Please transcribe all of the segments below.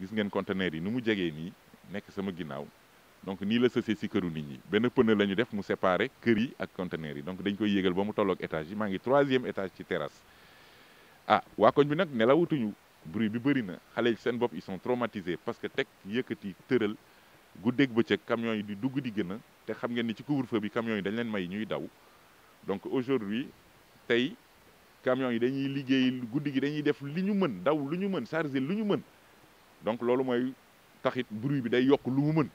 gis ngeen conteneur yi nu mu jegee nii nekk sama ginnaaw donc nii la sësee si këru nit ñi benn pneu la ñu def mu séparé kër yi ak conteneur yi donc dañ koy yéegal ba mu tolloog étage yi maa ngi troisième étage ci terrasse ah waa koñ bi nag nelawutuñu bruit bi bëri na xale yi seen bopp ils sont traumatisés parce que teg yëkkati tëral guddeeg bëccëg camions yi di dugg di gën te xam ngeen ni ci couvre-feu bi camions yi dañ leen may ñuy daw donc aujourd'hui tey camions yi dañuy liggéey guddi gi dañuy def li ñu mën daw lu ñu mën charger lu ñu mën donc loolu moy taxit bruit bi day yok lu mu mën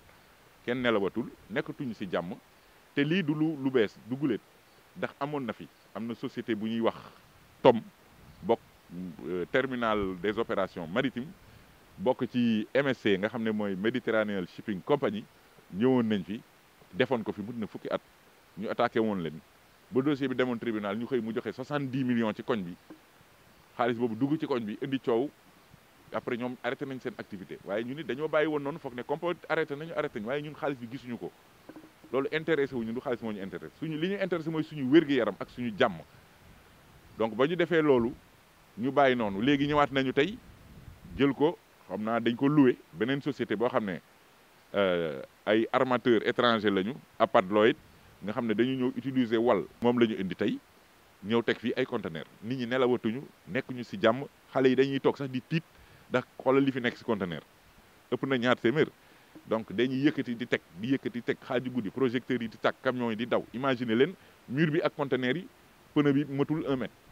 ken nelawatul nekatuñ ci jamm té li du lu lu bees du ndax amoon na fi am société bu ñuy wax TOM bok euh, terminal des opérations maritimes bok ci MSC nga xamné moy Mediterranean Shipping Company ñëwon nañ fi defoon ko fi mut na fukki at ñu attaqué won leen ba dossier bi demoon tribunal ñu xey mu joxe 70 millions ci koñ bi xaalis bobu dugg ci koñ bi indi ciow après ñoom arrêté nañ seen activité waaye ñu ni dañoo bàyyi woon noonu foog ne comme arrêté nañu arrêté nañ waaye ñun xaalis bi gisuñu ko loolu intéressé wuñu du xaalis moo ñu suñu li ñu intéressé mooy suñu wér-gu-yaram ak suñu jàmm donc ba ñu defee loolu ñu bàyyi noonu léegi ñëwaat nañu tey jël ko xam naa dañ ko loué beneen société boo xam ne euh, ay armateur étranger lañu apart Lloyd nga xam ne dañu ñëw utiliser wal moom la ñu indi tey ñëw teg fii ay conteneur nit ñi nelawatuñu nekkuñu si jàmm xale yi dañuy toog sax di tiit ndax xoolal li fi nekk si conteneur ëpp na ñaar téeméer donc dañu yëkkati di teg di yëkkati teg xaaju guddi projecteurs yi di tàkk camions yi di daw imaginer leen mur bi ak conteneur yi pneu bi matul un